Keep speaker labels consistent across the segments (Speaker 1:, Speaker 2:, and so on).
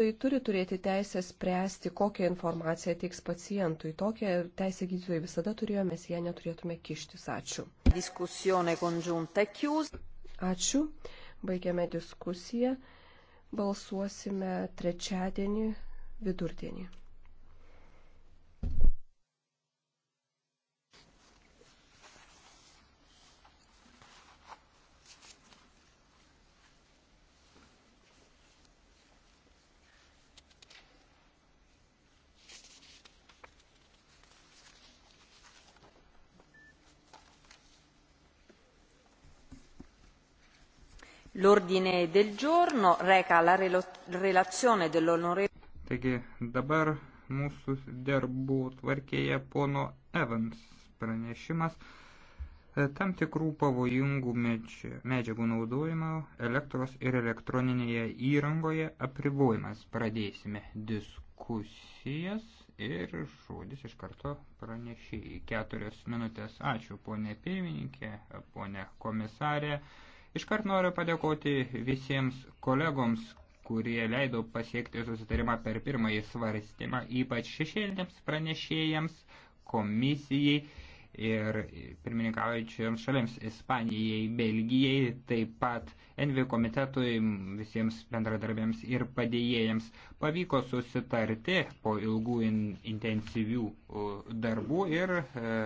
Speaker 1: Tai turi turėti teisę spręsti, kokią informaciją teiks pacientui. Tokią teisę gydytojai visada turėjo, mes ją neturėtume kištis. Ačiū. Diskusione konjunta e chius. Ačiū. Baigiame diskusiją. Balsuosime trečiadienį vidurdienį. L'ordine del giorno reca la relazione dell'onorevole.
Speaker 2: Taigi dabar mūsų darbų tvarkėje pono Evans pranešimas e, tam tikrų pavojingų medžiagų naudojimo elektros ir elektroninėje įrangoje apribojimas. Pradėsime diskusijas ir žodis iš karto pranešė į keturias minutės. Ačiū ponė pirmininkė, ponė komisarė. Iškart noriu padėkoti visiems kolegoms, kurie leido pasiekti susitarimą per pirmąjį svarstymą, ypač šešėlėms pranešėjams, komisijai ir pirmininkaujančiams šalims Ispanijai, Belgijai, taip pat Envi komitetui, visiems bendradarbėms ir padėjėjams. Pavyko susitarti po ilgų in, intensyvių darbų ir e,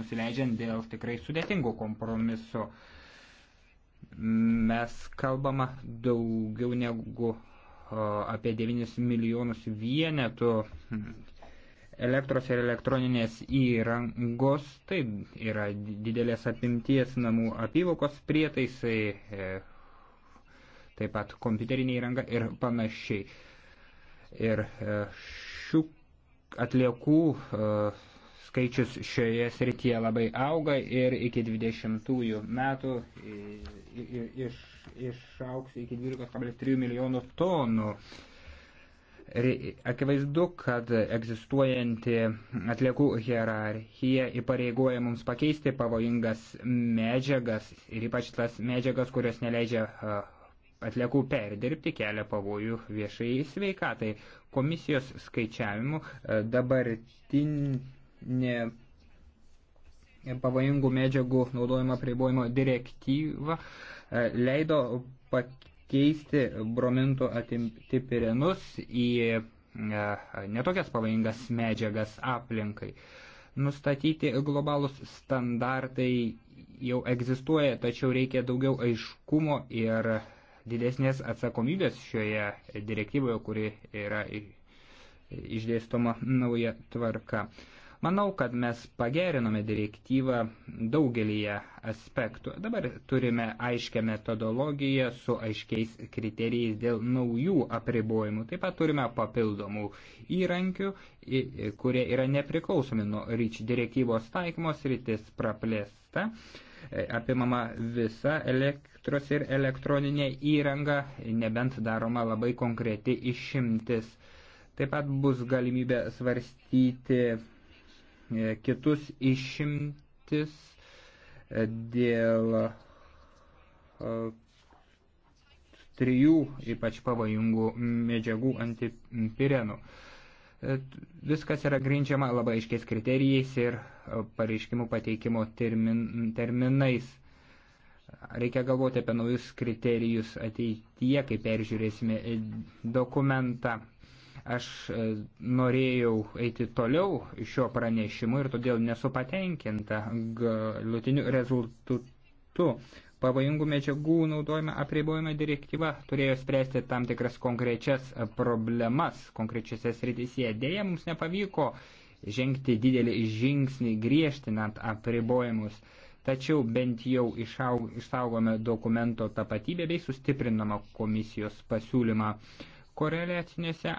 Speaker 2: nusileidžiant dėl tikrai sudėtingų kompromisų. E, mes kalbama daugiau negu apie 9 milijonus vienetų elektros ir elektroninės įrangos, tai yra didelės apimties namų apyvokos prietaisai, e, taip pat kompiuterinė įranga ir panašiai. Ir e, šių atliekų e, skaičius šioje srityje labai auga ir iki 20 metų iš, išauks iki 12,3 milijonų tonų. Akivaizdu, kad egzistuojanti atliekų hierarchija įpareigoja mums pakeisti pavojingas medžiagas ir ypač tas medžiagas, kurios neleidžia atliekų perdirbti kelia pavojų viešai sveikatai. Komisijos skaičiavimu dabartin ne pavojingų medžiagų naudojimo pribojimo direktyva e, leido pakeisti bromintų atipirenus į e, netokias pavojingas medžiagas aplinkai. Nustatyti globalus standartai jau egzistuoja, tačiau reikia daugiau aiškumo ir didesnės atsakomybės šioje direktyvoje, kuri yra išdėstoma nauja tvarka. Manau, kad mes pagerinome direktyvą daugelyje aspektų. Dabar turime aiškę metodologiją su aiškiais kriterijais dėl naujų apribojimų. Taip pat turime papildomų įrankių, kurie yra nepriklausomi nuo ryč direktyvos taikymos rytis praplėsta. E, apimama visa elektros ir elektroninė įranga, nebent daroma labai konkreti išimtis. Taip pat bus galimybė svarstyti E, kitus išimtis e, dėl e, trijų ypač pavojingų medžiagų antipirenų. Viskas yra grindžiama labai aiškiais kriterijais ir pareiškimų pateikimo termin, terminais. Reikia galvoti apie naujus kriterijus ateityje, kai peržiūrėsime dokumentą. Aš e, norėjau eiti toliau šio pranešimu ir todėl nesu patenkinta galutiniu rezultatu. Pavojingų medžiagų naudojimą apribojimą direktyva turėjo spręsti tam tikras konkrečias problemas konkrečiose srityse. Dėja, mums nepavyko žengti didelį žingsnį griežtinant apribojimus, tačiau bent jau išaug, išsaugome dokumento tapatybę bei sustiprinama komisijos pasiūlymą. Uh, koreliacinėse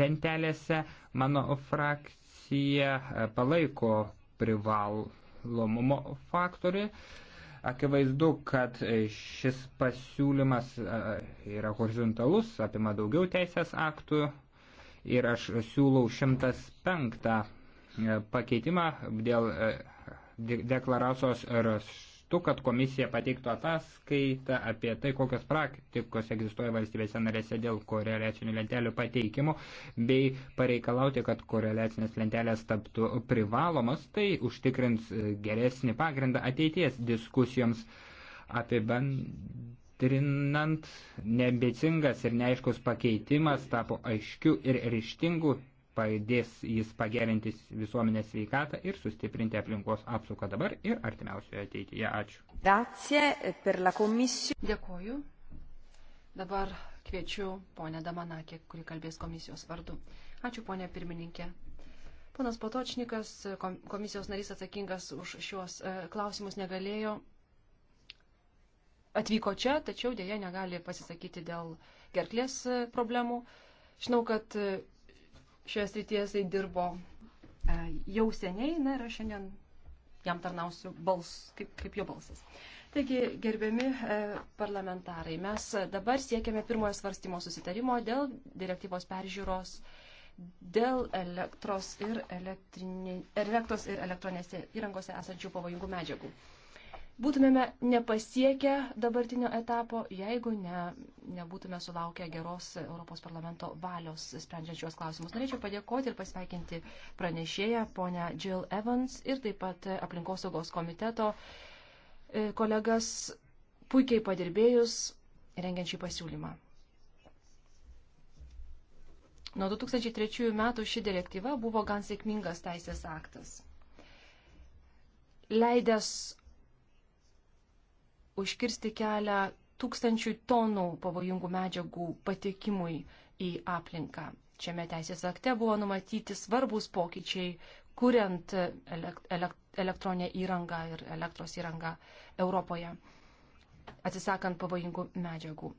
Speaker 2: lentelėse mano frakcija e, palaiko privalomumo faktorių. Akivaizdu, kad e, šis pasiūlymas e, yra horizontalus, apima daugiau teisės aktų ir aš siūlau 105 pakeitimą dėl deklaracijos mastu, kad komisija pateiktų ataskaitą apie tai, kokios praktikos egzistuoja valstybėse narėse dėl koreliacinių lentelių pateikimo, bei pareikalauti, kad koreliacinės lentelės taptų privalomos, tai užtikrins geresnį pagrindą ateities diskusijoms apibendrinant, neambicingas ir neaiškus pakeitimas tapo aiškiu ir ryštingu padės jis pagerinti visuomenės sveikatą ir sustiprinti aplinkos apsaugą dabar ir artimiausioje ateityje. Ačiū.
Speaker 1: Grazie per la
Speaker 3: komisiją. Dėkoju. Dabar kviečiu ponę Damanakį, kuri kalbės komisijos vardu. Ačiū ponė pirmininkė. Ponas Patočnikas, komisijos narys atsakingas už šios e, klausimus, negalėjo atvyko čia, tačiau dėja negali pasisakyti dėl gerklės e, problemų. Žinau, kad e, Šioje srityje jisai dirbo e, jau seniai, na ir aš šiandien jam tarnausiu bals, kaip, kaip jo balsas. Taigi, gerbiami e, parlamentarai, mes dabar siekiame pirmojo svarstymo susitarimo dėl direktyvos peržiūros dėl elektros ir, elektros ir elektroninėse įrangose esančių pavojingų medžiagų būtumėme nepasiekę dabartinio etapo, jeigu ne, nebūtume sulaukę geros Europos parlamento valios sprendžiant šios klausimus. Norėčiau padėkoti ir pasveikinti pranešėją, ponę Jill Evans ir taip pat aplinkosaugos komiteto e, kolegas puikiai padirbėjus rengiant šį pasiūlymą. Nuo 2003 metų ši direktyva buvo gan sėkmingas teisės aktas, leidęs užkirsti kelią tūkstančių tonų pavojingų medžiagų patekimui į aplinką. Šiame teisės akte buvo numatyti svarbus pokyčiai, kuriant elektroninę įrangą ir elektros įrangą Europoje, atsisakant pavojingų medžiagų.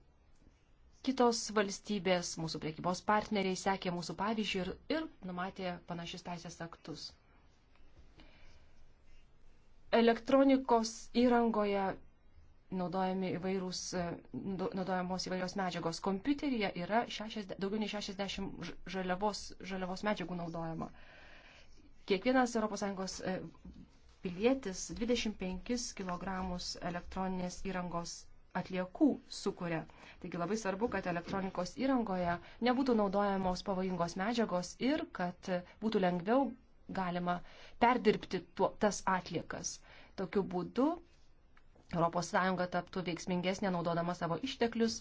Speaker 3: Kitos valstybės, mūsų priekybos partneriai, sekė mūsų pavyzdžių ir, ir numatė panašius teisės aktus. Elektronikos įrangoje naudojami įvairūs, e, naudojamos įvairios medžiagos. Kompiuteryje yra 60, daugiau nei 60 žaliavos, žaliavos medžiagų naudojama. Kiekvienas ES e, pilietis 25 kg elektroninės įrangos atliekų sukuria. Taigi labai svarbu, kad elektronikos įrangoje nebūtų naudojamos pavojingos medžiagos ir kad būtų lengviau galima perdirbti tuo, tas atliekas. Tokiu būdu ES taptų veiksmingesnė naudodama savo išteklius,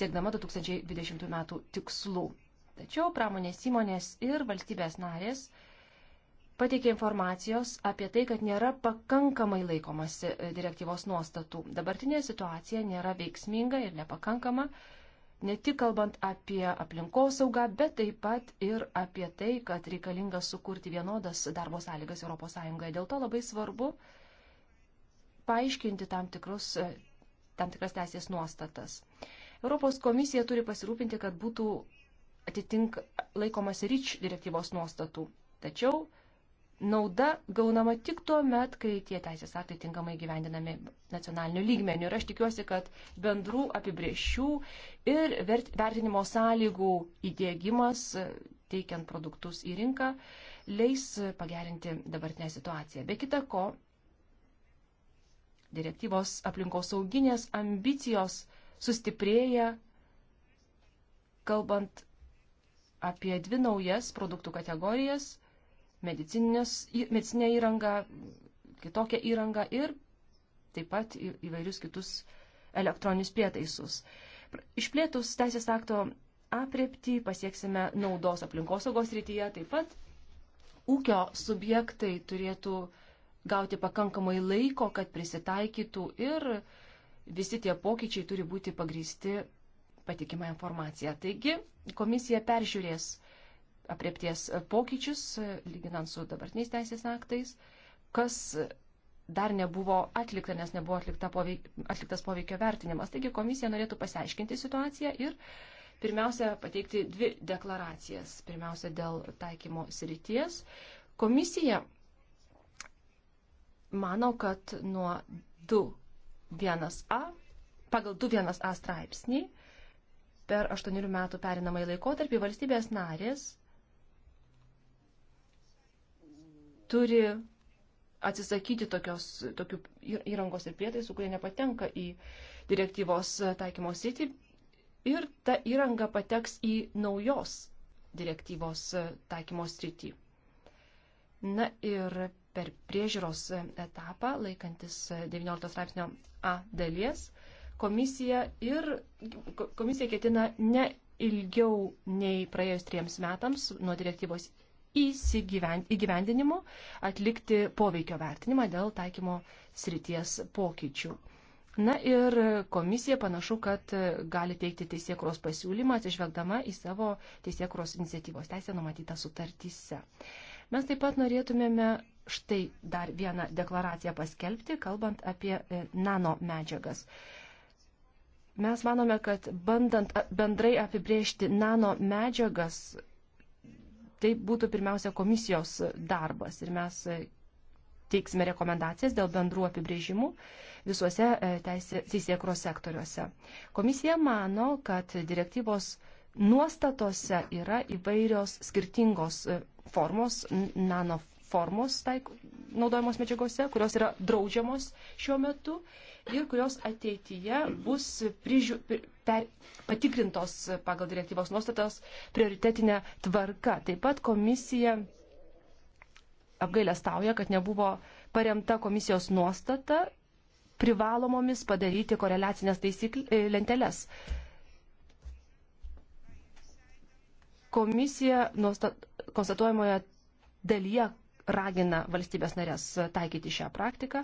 Speaker 3: siekdama 2020 metų tikslų. Tačiau pramonės įmonės ir valstybės narės pateikė informacijos apie tai, kad nėra pakankamai laikomasi e, direktyvos nuostatų. Dabartinė situacija nėra veiksminga ir nepakankama, ne tik kalbant apie aplinkosaugą, bet taip pat ir apie tai, kad reikalinga sukurti vienodas darbo sąlygas ES. Dėl to labai svarbu, paaiškinti tam, tikrus, e, tam tikras teisės nuostatas. Europos komisija turi pasirūpinti, kad būtų atitink laikomas ryč direktyvos nuostatų. Tačiau nauda gaunama tik tuo met, kai tie teisės aktai tinkamai gyvendinami nacionaliniu lygmeniu. Ir aš tikiuosi, kad bendrų apibriešių ir vertinimo sąlygų įdėgymas, e, teikiant produktus į rinką, leis pagerinti dabartinę situaciją. Be kita ko, direktyvos aplinkosauginės ambicijos sustiprėja, kalbant apie dvi naujas produktų kategorijas - medicinę įrangą, kitokią įrangą ir taip pat įvairius kitus elektroninius prietaisus. Išplėtus teisės akto apriepti pasieksime naudos aplinkosaugos rytyje, taip pat ūkio subjektai turėtų uh, gauti pakankamai laiko, kad prisitaikytų ir visi tie pokyčiai turi būti pagrysti patikima informacija. Taigi komisija peržiūrės apriepties pokyčius, lyginant su dabartiniais teisės aktais, kas dar nebuvo atlikta, nes nebuvo atlikta poveik, atliktas poveikio vertinimas. Taigi komisija norėtų pasiaiškinti situaciją ir pirmiausia pateikti dvi deklaracijas. Pirmiausia dėl taikymo srities. Komisija mano, kad nuo 2.1a, pagal 2.1a straipsnį, per 8 metų perinamai laikotarpį valstybės narės turi atsisakyti tokios, tokių įrangos ir prietaisų, kurie nepatenka į direktyvos taikymo sritį ir ta įranga pateks į naujos direktyvos taikymo sritį. Na ir per priežiūros etapą, laikantis 19 straipsnio A dalies, komisija, ir, komisija ketina ne ilgiau nei praėjus triems metams nuo direktyvos įgyvendinimu atlikti poveikio vertinimą dėl taikymo srities pokyčių. Na ir komisija panašu, kad gali teikti teisėkros pasiūlymą atsižvelgdama į savo teisėkros iniciatyvos teisę numatytą sutartyse. Mes taip pat norėtumėme štai dar vieną deklaraciją paskelbti, kalbant apie e, nano medžiagas. Mes manome, kad bandant bendrai apibriežti nano medžiagas, tai būtų pirmiausia komisijos darbas ir mes e, teiksime rekomendacijas dėl bendrų apibrėžimų visuose e, teisėkros sektoriuose. Komisija mano, kad direktyvos nuostatose yra įvairios skirtingos e, formos, nanoformos taik, naudojamos medžiagose, kurios yra draudžiamos šiuo metu ir kurios ateityje bus prižiū, per, patikrintos pagal direktyvos nuostatos prioritetinę tvarką. Taip pat komisija apgailę stauja, kad nebuvo paremta komisijos nuostata privalomomis padaryti koreliacinės lenteles Komisija konstatuojamoje dalyje ragina valstybės narės taikyti šią praktiką.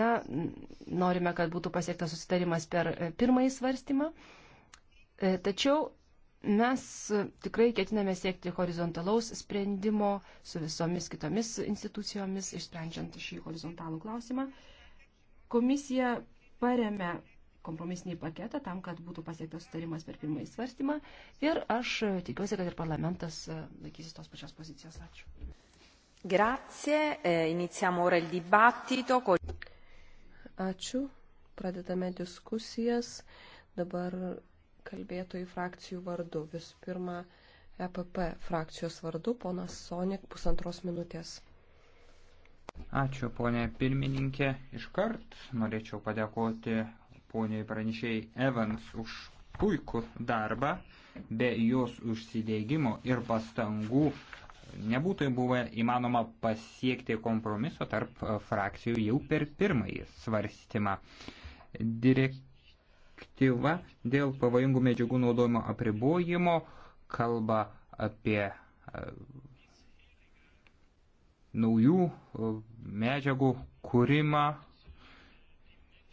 Speaker 3: Na, norime, kad būtų pasiektas susitarimas per e, pirmąjį svarstymą. E, tačiau mes e, tikrai ketiname siekti horizontalaus sprendimo su visomis kitomis institucijomis, išsprendžiant šį horizontalų klausimą. Komisija paremė kompromisinį paketą tam, kad būtų pasiektas sutarimas per pirmąjį svarstymą. Ir aš tikiuosi, kad ir parlamentas e, laikysis tos pačios pozicijos. Ačiū.
Speaker 1: Grazie. E, Iniciamo ora il dibattito. Ačiū. Pradedame diskusijas. Dabar kalbėtojų frakcijų vardu. Visų pirma, EPP frakcijos vardu, ponas Sonik, pusantros minutės.
Speaker 2: Ačiū, ponė pirmininkė. Iškart norėčiau padėkoti poniai pranešėjai Evans už puikų darbą. Be jos užsidėgymo ir pastangų nebūtų buvę įmanoma pasiekti kompromiso tarp e, frakcijų jau per pirmąjį svarstymą. Direktyva dėl pavojingų medžiagų naudojimo apribojimo kalba apie e, naujų e, medžiagų kūrimą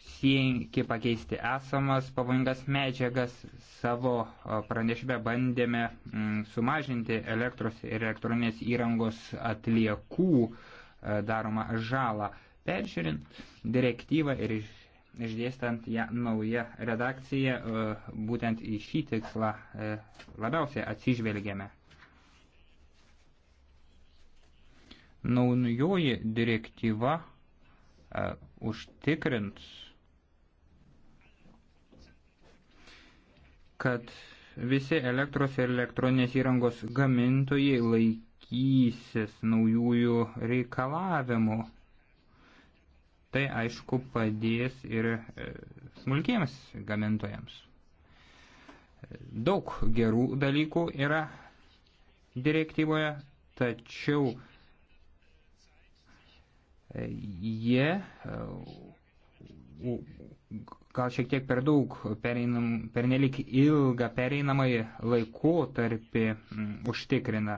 Speaker 2: siekė pakeisti esamas pavojingas medžiagas. Savo pranešime bandėme mm, sumažinti elektros ir elektroninės įrangos atliekų daromą žalą. Peržiūrint direktyvą ir išdėstant ją naują redakciją, būtent į šį tikslą labiausiai atsižvelgėme. Naujoji direktyva užtikrins kad visi elektros ir elektroninės įrangos gamintojai laikysis naujųjų reikalavimų. Tai aišku padės ir e, smulkiems gamintojams. Daug gerų dalykų yra direktyvoje, tačiau e, jie e, gal šiek tiek per daug pereinam, pernelik ilgą pereinamąjį laikotarpį mm, užtikrina.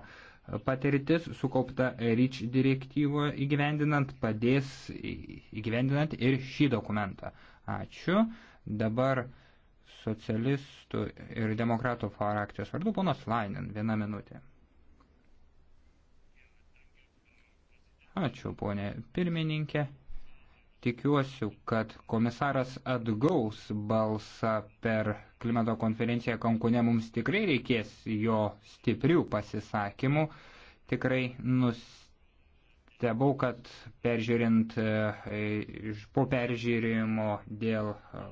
Speaker 2: Patirtis sukaupta REACH direktyvo įgyvendinant padės įgyvendinant ir šį dokumentą. Ačiū. Dabar socialistų ir demokratų frakcijos vardu ponas Lainin. Viena minutė. Ačiū, ponė pirmininkė. Tikiuosi, kad komisaras atgaus balsą per klimato konferenciją Kankune. Mums tikrai reikės jo stiprių pasisakymų. Tikrai nustebau, kad peržiūrint e, po peržiūrimo dėl e,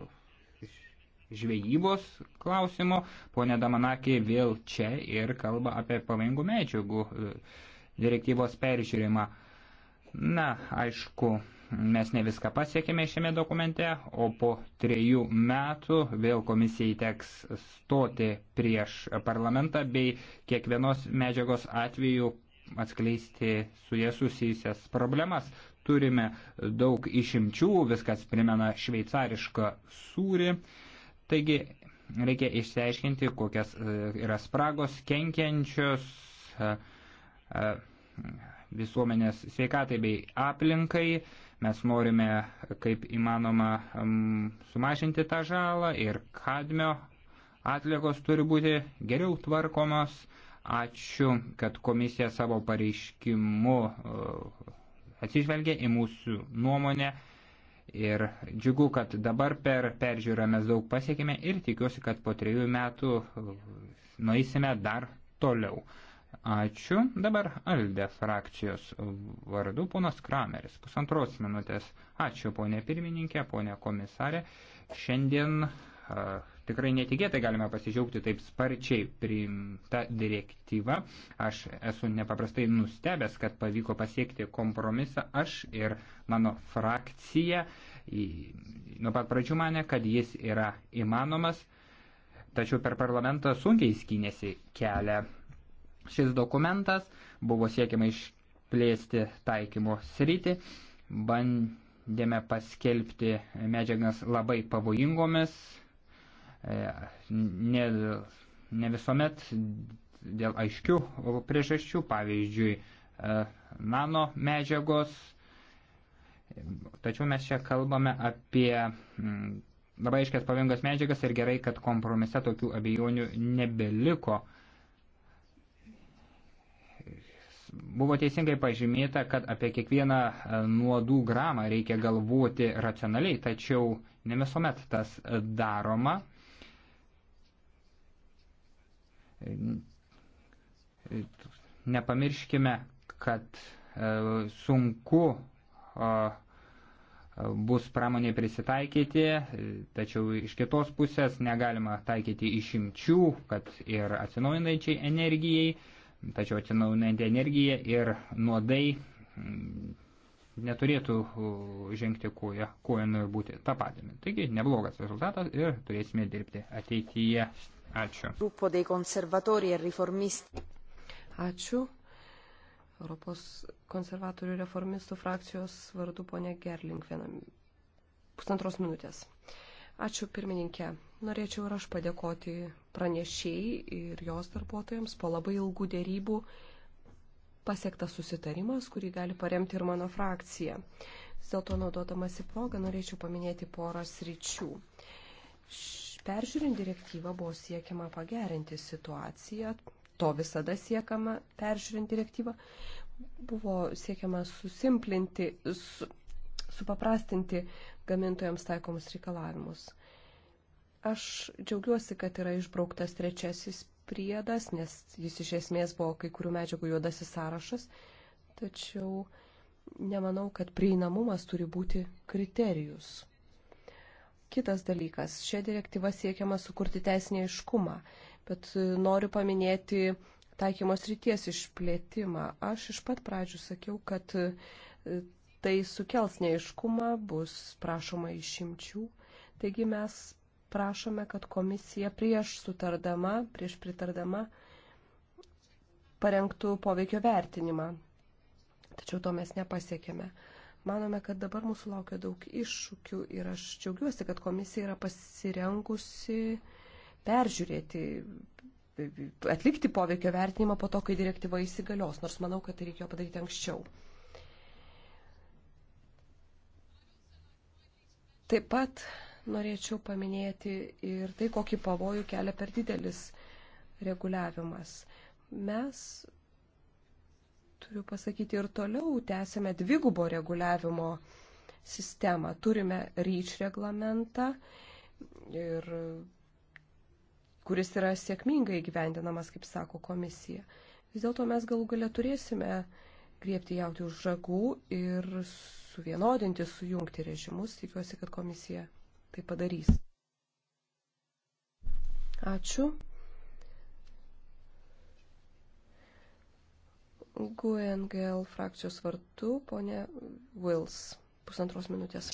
Speaker 2: žvejybos klausimo, ponė Damanakė vėl čia ir kalba apie pavojingų medžiagų e, direktyvos peržiūrimą. Na, aišku, mes ne viską pasiekėme šiame dokumente, o po trejų metų vėl komisijai teks stoti prieš parlamentą bei kiekvienos medžiagos atveju atskleisti su jie susijusias problemas. Turime daug išimčių, viskas primena šveicarišką sūrį. Taigi reikia išsiaiškinti, kokias e, yra spragos kenkiančios e, e, visuomenės sveikatai bei aplinkai Mes norime kaip įmanoma sumažinti tą žalą ir kadmio atliekos turi būti geriau tvarkomos. Ačiū, kad komisija savo pareiškimu e, atsižvelgia į mūsų nuomonę. Ir džiugu, kad dabar per peržiūrą mes daug pasiekime ir tikiuosi, kad po trejų metų e, nueisime dar toliau. Ačiū. Dabar Alde frakcijos vardu ponas Krameris. Pusantros minutės. Ačiū ponė pirmininkė, ponė komisarė. Šiandien uh, tikrai netikėtai galime pasidžiaugti taip sparčiai priimta direktyva. Aš esu nepaprastai nustebęs, kad pavyko pasiekti kompromisą. Aš ir mano frakcija nuo pat pradžių mane, kad jis yra įmanomas, tačiau per parlamentą sunkiai skynėsi kelią Šis dokumentas buvo siekiama išplėsti taikymo sritį, bandėme paskelbti medžiagas labai pavojingomis, e, ne, ne visuomet dėl aiškių priežasčių, pavyzdžiui, e, nano medžiagos, tačiau mes čia kalbame apie mm, labai aiškias pavojingas medžiagas ir gerai, kad kompromise tokių abejonių nebeliko. Buvo teisingai pažymėta, kad apie kiekvieną e, nuodų gramą reikia galvoti racionaliai, tačiau ne visuomet tas daroma. Nepamirškime, kad e, sunku e, bus pramonė prisitaikyti, tačiau iš kitos pusės negalima taikyti išimčių, kad ir atsinaujinančiai energijai tačiau atsinaujinanti energija ir nuodai mm, neturėtų žengti koją, kojon ir būti tą patinį. Taigi neblogas rezultatas ir turėsime dirbti ateityje. Ačiū.
Speaker 1: Grupo dei konservatoriai ir e reformisti. Ačiū. Europos konservatorių reformistų frakcijos vardu ponė Gerling vienam pusantros minutės. Ačiū pirmininkė. Norėčiau ir aš padėkoti pranešėjai ir jos darbuotojams po labai ilgų dėrybų pasiektas susitarimas, kurį gali paremti ir mano frakcija. Vis dėlto naudodamasi progą norėčiau paminėti porą sričių. Peržiūrint direktyvą buvo siekiama pagerinti situaciją, to visada siekama peržiūrint direktyvą, buvo siekiama susimplinti, su, supaprastinti gamintojams taikomus reikalavimus. Aš džiaugiuosi, kad yra išbrauktas trečiasis priedas, nes jis iš esmės buvo kai kurių medžiagų juodasis sąrašas, tačiau nemanau, kad prieinamumas turi būti kriterijus. Kitas dalykas, šią direktyvą siekiama sukurti teisinį iškumą, bet noriu paminėti taikymos ryties išplėtimą. Aš iš pat pradžių sakiau, kad e, tai sukels neiškumą, bus prašoma išimčių. Taigi mes prašome, kad komisija prieš sutardama, prieš pritardama parengtų poveikio vertinimą. Tačiau to mes nepasiekėme. Manome, kad dabar mūsų laukia daug iššūkių ir aš džiaugiuosi, kad komisija yra pasirengusi peržiūrėti, atlikti poveikio vertinimą po to, kai direktyva įsigalios, nors manau, kad tai reikėjo padaryti anksčiau. Taip pat norėčiau paminėti ir tai, kokį pavojų kelia per didelis reguliavimas. Mes, turiu pasakyti, ir toliau tęsime dvigubo reguliavimo sistemą. Turime ryč reglamentą, ir, kuris yra sėkmingai gyvendinamas, kaip sako komisija. Vis dėlto mes galų galę turėsime griepti jauti už žagų ir suvienodinti, sujungti režimus. Tikiuosi, kad komisija tai padarys. Ačiū. GUNGL frakcijos vardu, ponė Wills. Pusantros minutės.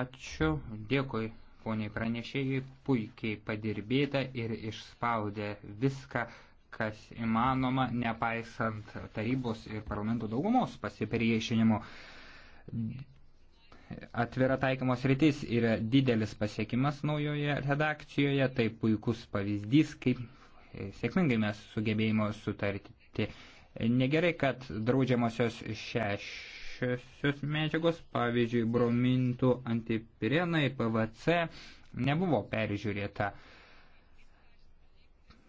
Speaker 2: Ačiū, dėkui, poniai pranešėjai, puikiai padirbėta ir išspaudė viską, kas įmanoma, nepaisant tarybos ir parlamento daugumos pasipriešinimo atvira taikymos rytis yra didelis pasiekimas naujoje redakcijoje, tai puikus pavyzdys, kaip e, sėkmingai mes sugebėjimo sutarti. Negerai, kad draudžiamosios šešiosios medžiagos, pavyzdžiui, bromintų antipirenai, PVC, nebuvo peržiūrėta.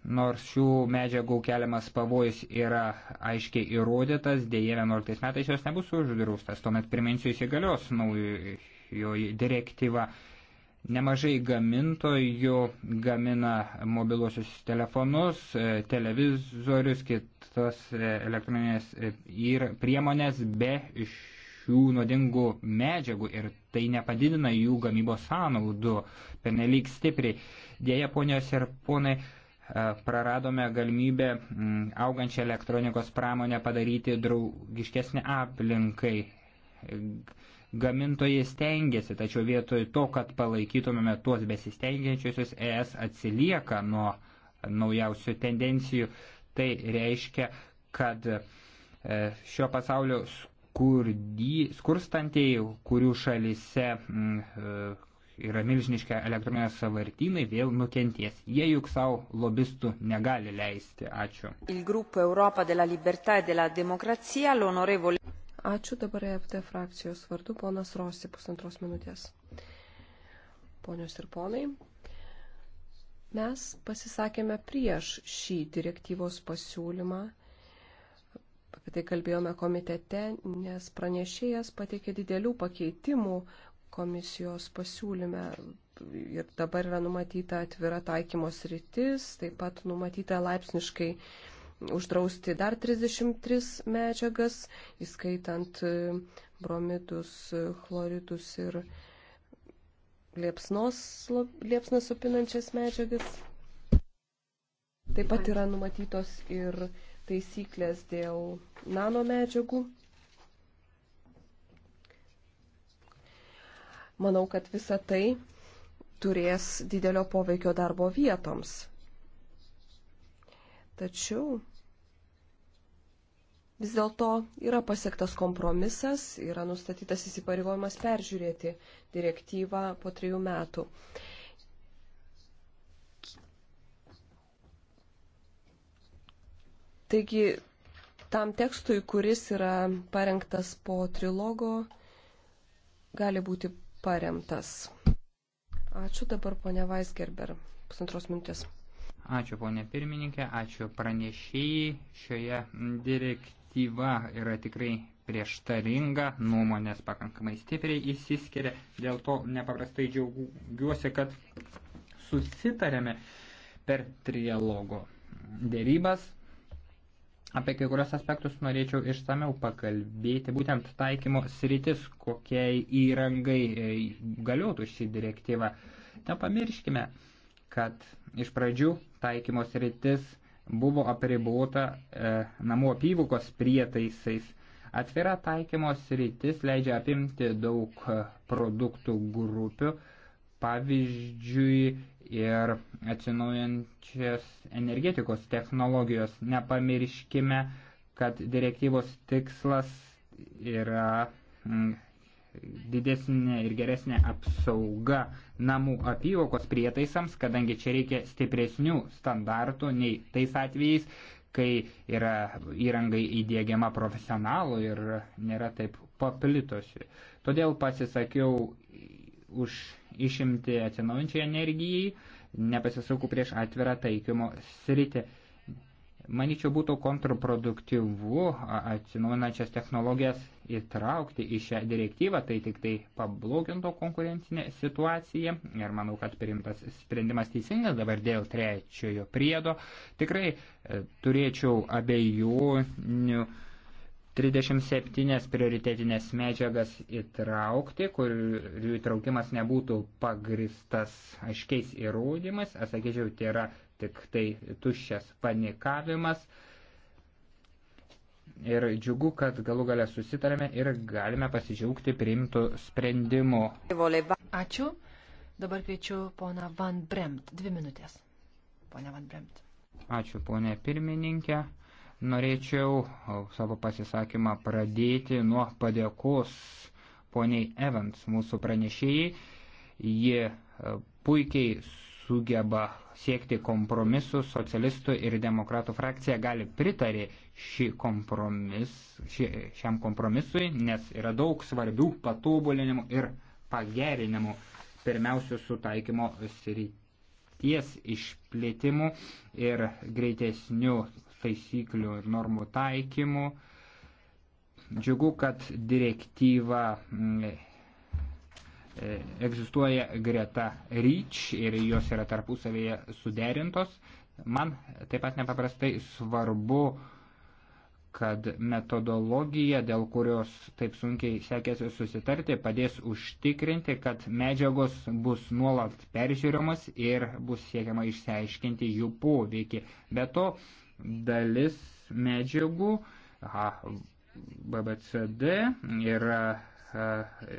Speaker 2: Nors šių medžiagų keliamas pavojus yra aiškiai įrodytas, dėje 11 metais jos nebus uždraustas, tuomet priminsiu įsigalios naujoji direktyva. Nemažai gamintojų gamina mobiluosius telefonus, televizorius, kitas elektroninės ir priemonės be šių nuodingų medžiagų ir tai nepadidina jų gamybos sąnaudų pernelyg stipriai. Dėja, ponios ir ponai, E, praradome galimybę augančią elektronikos pramonę padaryti draugiškesnį aplinkai. E, gamintojai stengiasi, tačiau vietoj to, kad palaikytumėme tuos besistengiančiusius, ES atsilieka nuo naujausių tendencijų. Tai reiškia, kad e, šio pasaulio skurdy, skurstantieji, kurių šalise yra milžiniški elektroninės savartynai, vėl nukenties. Jie juk savo lobistų negali leisti. Ačiū.
Speaker 1: E Ačiū dabar EFT frakcijos vardu, ponas Rosi, pusantros minutės. Ponios ir ponai, mes pasisakėme prieš šį direktyvos pasiūlymą. Apie tai kalbėjome komitete, nes pranešėjas pateikė didelių pakeitimų, komisijos pasiūlyme. Ir dabar yra numatyta atvira taikymos rytis, taip pat numatyta laipsniškai uždrausti dar 33 medžiagas, įskaitant e, bromidus, chloridus ir liepsnos, liepsnas supinančias medžiagas. Taip pat yra numatytos ir taisyklės dėl nano medžiagų Manau, kad visa tai turės didelio poveikio darbo vietoms. Tačiau vis dėlto yra pasiektas kompromisas, yra nustatytas įsipareigojimas peržiūrėti direktyvą po trijų metų. Taigi tam tekstui, kuris yra parengtas po trilogo, gali būti paremtas. Ačiū dabar ponia Vaisgerber,
Speaker 2: pusantros minutės. Ačiū ponė pirmininkė, ačiū pranešėjai. Šioje direktyva yra tikrai prieštaringa, nuomonės pakankamai stipriai įsiskiria, dėl to nepaprastai džiaugiuosi, kad susitarėme per trialogo dėrybas Apie kai kurios aspektus norėčiau išsameu pakalbėti, būtent taikymo sritis, kokiai įrangai e, galiotų šį direktyvą. Nepamirškime, kad iš pradžių taikymo sritis buvo apribuota e, namų apyvokos prietaisais. Atvira taikymo sritis leidžia apimti daug e, produktų grupių, e, pavyzdžiui ir atsinaujančios energetikos technologijos. Nepamirškime, kad direktyvos tikslas yra mm, didesnė ir geresnė apsauga namų apyvokos prietaisams, kadangi čia reikia stipresnių standartų nei tais atvejais, kai yra įrangai įdėgiama profesionalų ir nėra taip paplitosi. Todėl pasisakiau už išimti atsinaujančiai energijai, nepasisauku prieš atvirą taikymo sritį. Maničiau, būtų kontraproduktyvu atsinaujinančias technologijas įtraukti į šią direktyvą, tai tik tai pabloginto konkurencinę situaciją ir manau, kad priimtas sprendimas teisingas dabar dėl trečiojo priedo. Tikrai e, turėčiau abejonių. E, 37 prioritetinės medžiagas įtraukti, kurių įtraukimas nebūtų pagristas aiškiais įrodymais, aš sakyčiau, tai yra tik tai tuščias panikavimas. Ir džiugu, kad galų galę susitarėme ir galime pasidžiaugti priimtų sprendimų.
Speaker 3: Ačiū. Dabar kviečiu pona Van Bremt. Dvi minutės. Pone Van Bremt.
Speaker 2: Ačiū, ponė pirmininkė. Norėčiau savo pasisakymą pradėti nuo padėkos poniai Evans, mūsų pranešėjai. Ji e, puikiai sugeba siekti kompromisų, socialistų ir demokratų frakcija gali pritarė šį kompromis, šį, šiam kompromisui, nes yra daug svarbių patobulinimų ir pagerinimų, pirmiausia, sutaikymo srities išplėtimų ir greitesnių taisyklių ir normų taikymų. Džiugu, kad direktyva mm, e, e, egzistuoja greta REACH ir jos yra tarpusavėje suderintos. Man taip pat nepaprastai svarbu, kad metodologija, dėl kurios taip sunkiai sekėsi susitarti, padės užtikrinti, kad medžiagos bus nuolat peržiūriamas ir bus siekiama išsiaiškinti jų poveikį. Be to, dalis medžiagų a, BBCD yra a, e,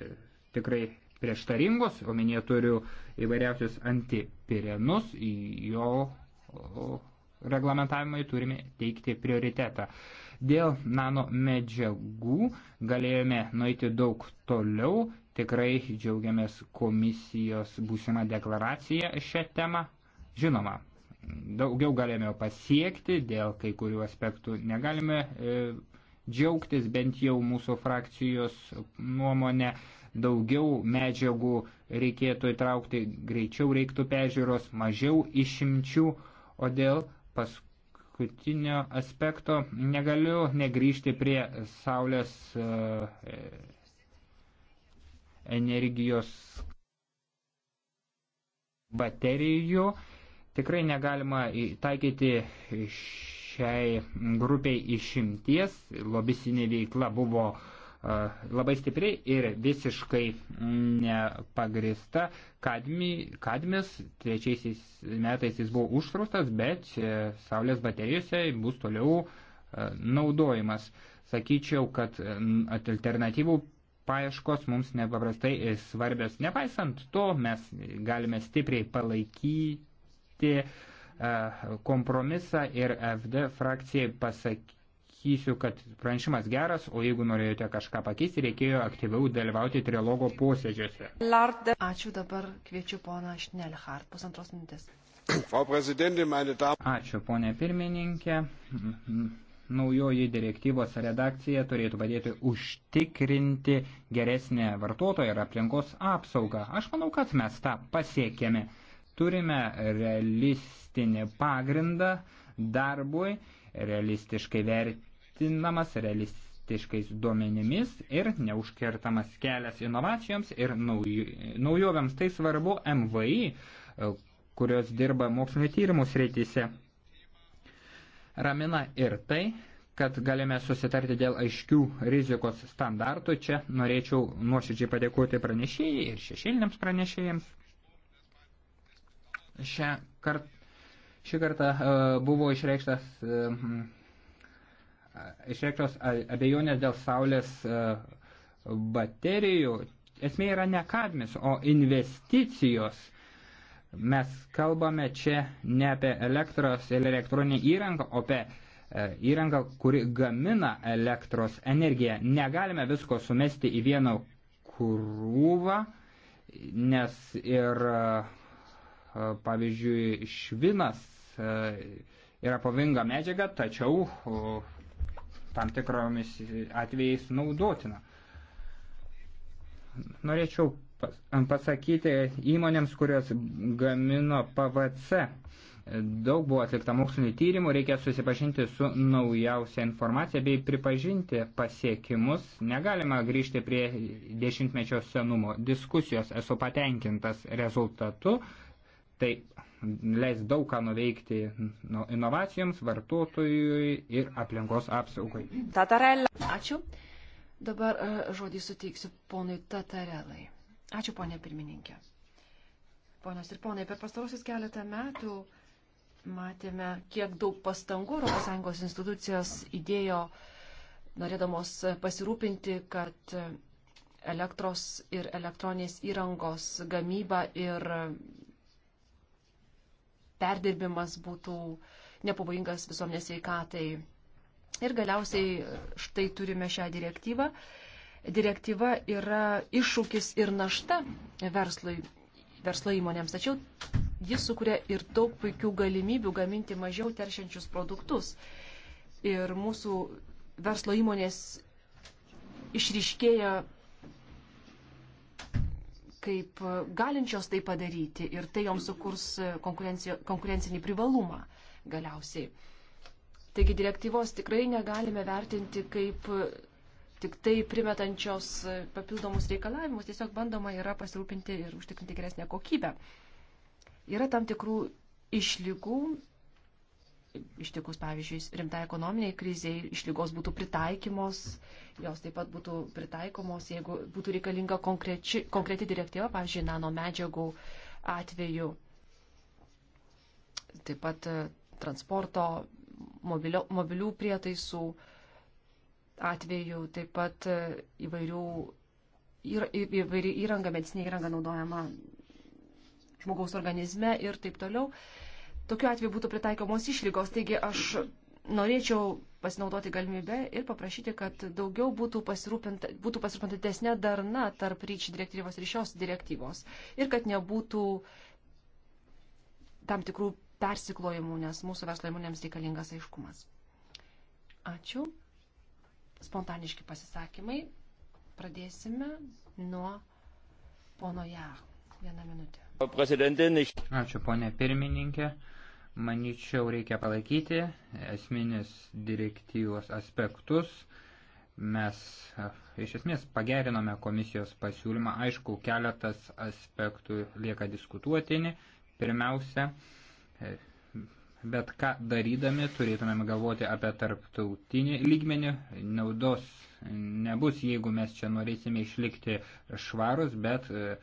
Speaker 2: tikrai prieštaringos, omenyje turiu įvairiausius antipirenus, jo reglamentavimai turime teikti prioritetą. Dėl nano medžiagų galėjome nueiti daug toliau, tikrai džiaugiamės komisijos būsimą deklaraciją šią temą. Žinoma, daugiau galime pasiekti, dėl kai kurių aspektų negalime e, džiaugtis, bent jau mūsų frakcijos nuomonė, daugiau medžiagų reikėtų įtraukti, greičiau reiktų pežiūros, mažiau išimčių, o dėl paskutinio aspekto negaliu negryžti prie saulės e, e, energijos baterijų. Tikrai negalima taikyti šiai grupiai išimties. Lobisinė veikla buvo e, labai stipriai ir visiškai nepagrista. Kadmi, kadmis trečiaisiais metais jis buvo užtraustas, bet e, saulės baterijose bus toliau e, naudojimas. Sakyčiau, kad alternatyvų paieškos mums nepaprastai svarbios. Nepaisant to, mes galime stipriai palaikyti rasti e, kompromisą ir FD frakcijai pasakysiu, kad pranešimas geras, o jeigu norėjote kažką pakeisti, reikėjo aktyviau dalyvauti trilogo posėdžiuose.
Speaker 3: Ačiū dabar, kviečiu poną Šnelhart, pusantros minutės.
Speaker 2: Ačiū, ponė pirmininkė. Naujoji direktyvos redakcija turėtų padėti užtikrinti geresnę vartotojo ir aplinkos apsaugą. Aš manau, kad mes tą pasiekėme. Turime realistinį pagrindą darbui, realistiškai vertinamas, realistiškais duomenimis ir neužkertamas kelias inovacijoms ir naujovėms. Tai svarbu MVI, kurios dirba mokslinio tyrimų sreityse. Ramina ir tai, kad galime susitarti dėl aiškių rizikos standartų. Čia norėčiau nuoširdžiai padėkoti pranešėjai ir šešėliniams pranešėjams šią kartą. Šį kartą e, buvo išreikštas, e, išreikštos abejonės dėl saulės e, baterijų. Esmė yra ne kadmis, o investicijos. Mes kalbame čia ne apie elektros ir elektroninį įrangą, o apie įrangą, kuri gamina elektros energiją. Negalime visko sumesti į vieną krūvą, nes ir uh, E, pavyzdžiui, švinas e, yra pavinga medžiaga, tačiau tam tikromis atvejais naudotina. Norėčiau pasakyti įmonėms, kurios gamino PVC. Daug buvo atlikta mokslinio tyrimų, reikia susipažinti su naujausia informacija bei pripažinti pasiekimus. Negalima grįžti prie dešimtmečio senumo diskusijos. Esu patenkintas rezultatu. Tai leis daug ką nuveikti nu, inovacijoms, vartotojui ir aplinkos apsaugai.
Speaker 3: Tatarella. Ačiū. Dabar e, žodį suteiksiu ponui Tatarelai. Ačiū, ponė pirmininkė. Ponios ir ponai, per pastarosius keletą metų matėme, kiek daug pastangų ES institucijos įdėjo, norėdamos pasirūpinti, kad elektros ir elektroninės įrangos gamyba ir perdirbimas būtų nepavojingas visuomenės veikatai. Ir galiausiai štai turime šią direktyvą. Direktyva yra iššūkis ir našta verslui, verslo įmonėms, tačiau jis sukuria ir daug puikių galimybių gaminti mažiau teršiančius produktus. Ir mūsų verslo įmonės išryškėja kaip e, galinčios tai padaryti ir tai joms sukurs e, konkurencinį privalumą galiausiai. Taigi direktyvos tikrai negalime vertinti kaip e, tik tai primetančios papildomus reikalavimus, tiesiog bandoma yra pasirūpinti ir užtikrinti geresnę kokybę. Yra tam tikrų išlygų ištikus, pavyzdžiui, rimtai ekonominiai kriziai, išlygos būtų pritaikymos, jos taip pat būtų pritaikomos, jeigu būtų reikalinga konkreči, konkreti direktyva, pavyzdžiui, nano medžiagų atveju, taip pat e, transporto, mobilio, mobilių prietaisų atveju, taip pat e, įvairių įvairi įranga, medicinė įranga naudojama žmogaus organizme ir taip toliau tokiu atveju būtų pritaikomos išlygos. Taigi aš norėčiau pasinaudoti galimybę ir paprašyti, kad daugiau būtų pasirūpinta, būtų pasirūpinta desnė darna tarp ryčių direktyvos ir šios direktyvos. Ir kad nebūtų tam tikrų persiklojimų, nes mūsų verslo įmonėms reikalingas aiškumas. Ačiū. Spontaniški pasisakymai. Pradėsime nuo pono Jar. Vieną minutę.
Speaker 2: Ačiū, ponė pirmininkė. Maničiau, reikia palaikyti esminis direktyvos aspektus. Mes iš esmės pagerinome komisijos pasiūlymą. Aišku, keletas aspektų lieka diskutuotini. Pirmiausia, e, bet ką darydami turėtumėm galvoti apie tarptautinį lygmenį. Naudos nebus, jeigu mes čia norėsime išlikti švarus, bet uh,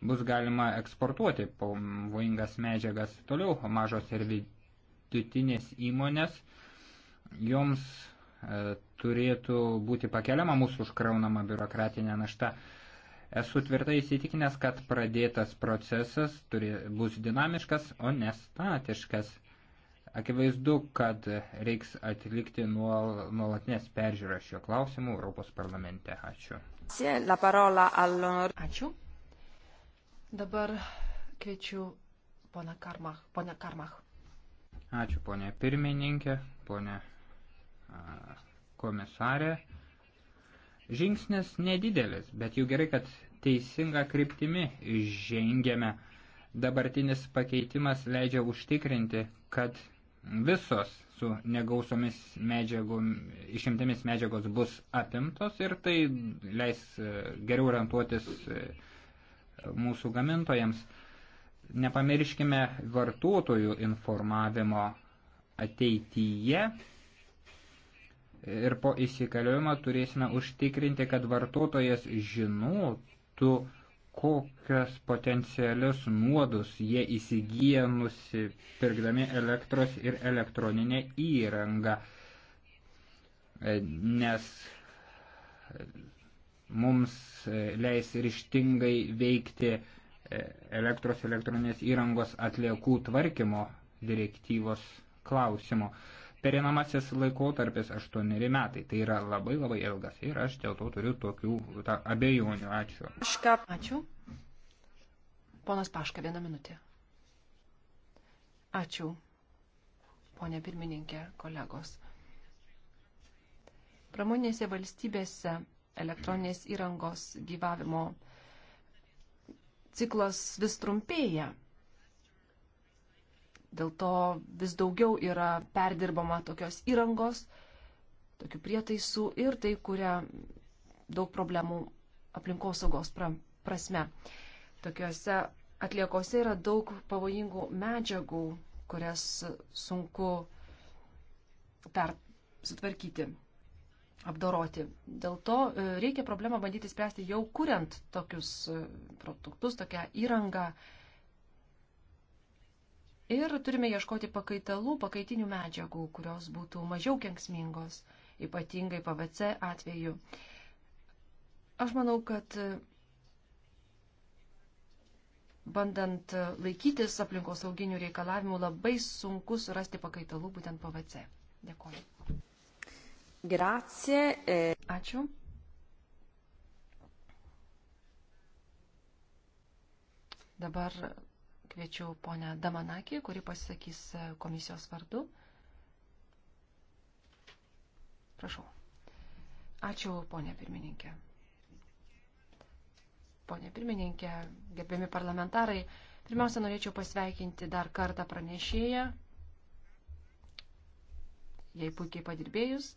Speaker 2: bus galima eksportuoti pavojingas medžiagas toliau mažos ir vidutinės įmonės. Joms e, turėtų būti pakeliama mūsų užkraunama biurokratinė našta. Esu tvirtai įsitikinęs, kad pradėtas procesas turi, bus dinamiškas, o nestatiškas. Akivaizdu, kad reiks atlikti nuolatinės peržiūrą šio klausimu Europos parlamente. Ačiū.
Speaker 3: Ačiū. Dabar kviečiu poną Karmach. Pone Karmach.
Speaker 2: Ačiū, ponė pirmininkė, ponė komisarė. Žingsnis nedidelis, bet jau gerai, kad teisinga kryptimi žengėme. Dabartinis pakeitimas leidžia užtikrinti, kad visos su negausomis medžiagų, išimtimis medžiagos bus apimtos ir tai leis e, geriau orientuotis e, mūsų gamintojams. Nepamirškime vartotojų informavimo ateityje ir po įsikaliojimo turėsime užtikrinti, kad vartotojas žinotų, kokias potencialius nuodus jie įsigyja nusipirkdami elektros ir elektroninę įrangą. Nes mums e, leis ryštingai veikti e, elektros elektroninės įrangos atliekų tvarkymo direktyvos klausimo. Perinamasis laikotarpis 8 metai. Tai yra labai labai ilgas ir aš dėl to turiu tokių ta, abejonių. Ačiū.
Speaker 3: Paška. Ačiū. Ponas Paška, vieną minutę. Ačiū, ponė pirmininkė, kolegos. Pramonėse valstybėse elektroninės įrangos gyvavimo ciklas vis trumpėja. Dėl to vis daugiau yra perdirbama tokios įrangos, tokių prietaisų ir tai kuria daug problemų aplinkosaugos prasme. Tokiuose atliekose yra daug pavojingų medžiagų, kurias sunku per sutvarkyti apdoroti. Dėl to e, reikia problemą bandyti spręsti jau kuriant tokius e, produktus, tokią įrangą. Ir turime ieškoti pakaitalų, pakaitinių medžiagų, kurios būtų mažiau kenksmingos, ypatingai PVC atveju. Aš manau, kad e, bandant laikytis aplinkosauginių reikalavimų, labai sunku surasti pakaitalų būtent PVC. Dėkuoju. Grazie. E- Ačiū. Dabar kviečiu ponę Damanakį, kuri pasisakys komisijos vardu. Prašau. Ačiū, ponė pirmininkė. Ponė pirmininkė, gerbiami parlamentarai, pirmiausia, norėčiau pasveikinti dar kartą pranešėją, jai puikiai padirbėjus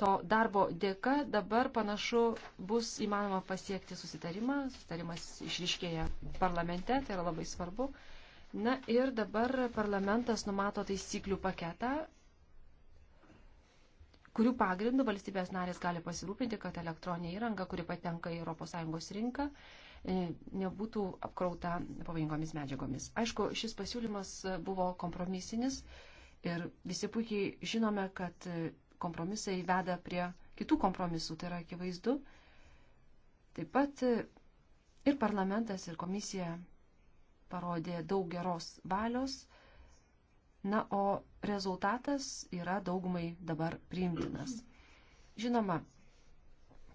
Speaker 3: to darbo dėka dabar panašu bus įmanoma pasiekti susitarimą. Susitarimas išriškėja parlamente, tai yra labai svarbu. Na ir dabar parlamentas numato taisyklių paketą, kurių pagrindų valstybės narės gali pasirūpinti, kad elektroninė įranga, kuri patenka į ES rinką, e, nebūtų apkrauta pavojingomis medžiagomis. Aišku, šis pasiūlymas buvo kompromisinis ir visi puikiai žinome, kad kompromisai veda prie kitų kompromisų, tai yra akivaizdu. Taip pat ir parlamentas, ir komisija parodė daug geros valios, na, o rezultatas yra daugumai dabar priimtinas. Žinoma,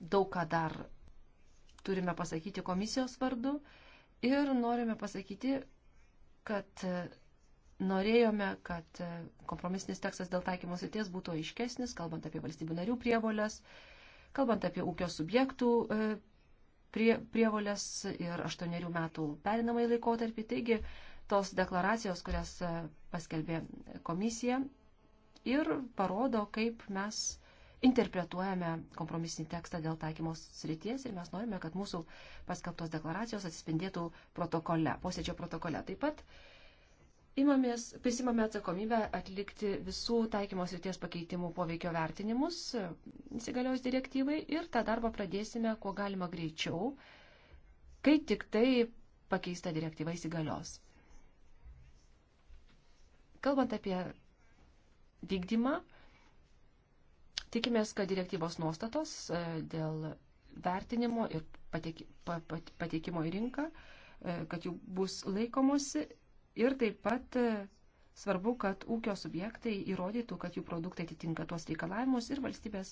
Speaker 3: daug ką dar turime pasakyti komisijos vardu ir norime pasakyti, kad norėjome, kad e, kompromisinis tekstas dėl taikymo sėties būtų aiškesnis, kalbant apie valstybių narių prievolės, kalbant apie ūkio subjektų e, prie, prievolės ir aštuonerių metų perinamai laikotarpį. Taigi, tos deklaracijos, kurias e, paskelbė komisija ir parodo, kaip mes interpretuojame kompromisinį tekstą dėl taikymos srities ir mes norime, kad mūsų paskelbtos deklaracijos atsispindėtų protokole, posėdžio protokole. Taip pat uh, imamės, prisimame atsakomybę atlikti visų taikymos ryties pakeitimų poveikio vertinimus e, įsigaliojus direktyvai ir tą darbą pradėsime kuo galima greičiau, kai tik tai pakeista direktyva įsigalios. Kalbant apie vykdymą, tikimės, kad direktyvos nuostatos e, dėl vertinimo ir pateikimo į rinką, e, kad jų bus laikomosi Ir taip pat e, svarbu, kad ūkio subjektai įrodytų, kad jų produktai atitinka tuos reikalavimus ir valstybės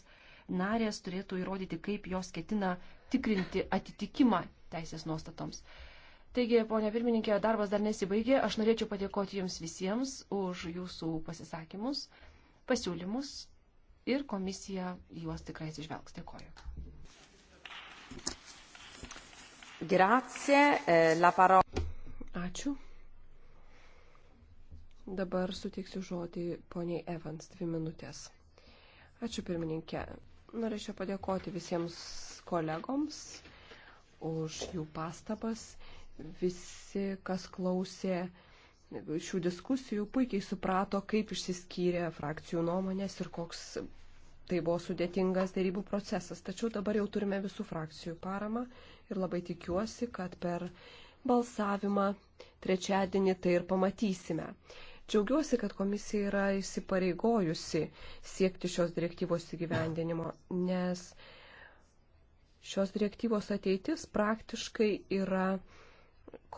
Speaker 3: narės turėtų įrodyti, kaip jos ketina tikrinti atitikimą teisės nuostatoms. Taigi, ponia pirmininkė, darbas dar nesibaigė. Aš norėčiau padėkoti Jums visiems už Jūsų pasisakymus, pasiūlymus ir komisija juos tikrai atsižvelgs. Dėkoju.
Speaker 1: Grazie, eh, la parola. Ačiū. Dabar suteiksiu žodį poniai Evans dvi minutės. Ačiū pirmininkė. Norėčiau padėkoti visiems kolegoms už jų pastabas. Visi, kas klausė šių diskusijų, puikiai suprato, kaip išsiskyrė frakcijų nuomonės ir koks tai buvo sudėtingas dėrybų procesas. Tačiau dabar jau turime visų frakcijų paramą ir labai tikiuosi, kad per balsavimą trečiadienį tai ir pamatysime. Džiaugiuosi, kad komisija yra įsipareigojusi siekti šios direktyvos įgyvendinimo, nes šios direktyvos ateitis praktiškai yra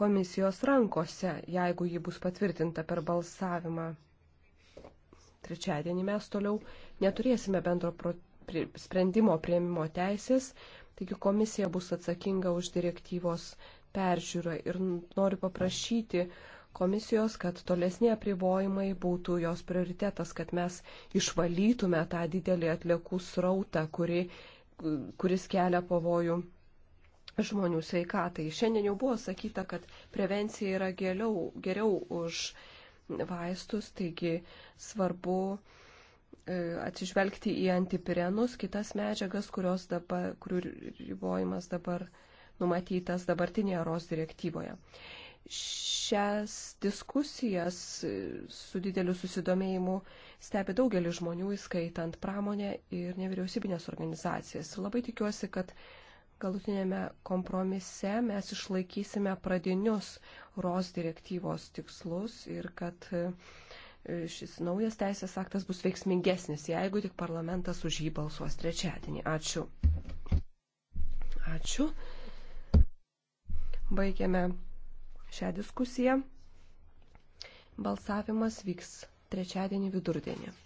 Speaker 1: komisijos rankose, jeigu ji bus patvirtinta per balsavimą. Trečiadienį mes toliau neturėsime bendro pro, prie, sprendimo prieimimo teisės, taigi komisija bus atsakinga už direktyvos peržiūrą ir noriu paprašyti, komisijos, kad tolesni apribojimai būtų jos prioritetas, kad mes išvalytume tą didelį atliekų srautą, kuri, kuris kelia pavojų žmonių sveikatai. Šiandien jau buvo sakyta, kad prevencija yra geriau, geriau už vaistus, taigi svarbu e, atsižvelgti į antipirenus, kitas medžiagas, dabar, kurių ribojimas dabar numatytas dabartinėje ROS direktyvoje šias diskusijas su dideliu susidomėjimu stebi daugelis žmonių, įskaitant pramonę ir nevyriausybinės organizacijas. Ir labai tikiuosi, kad galutinėme kompromise mes išlaikysime pradinius ROS direktyvos tikslus ir kad e, šis naujas teisės aktas bus veiksmingesnis, jeigu tik parlamentas už jį balsuos trečiadienį. Ačiū. Ačiū. Baigiame šią diskusiją. Balsavimas vyks trečiadienį vidurdienį.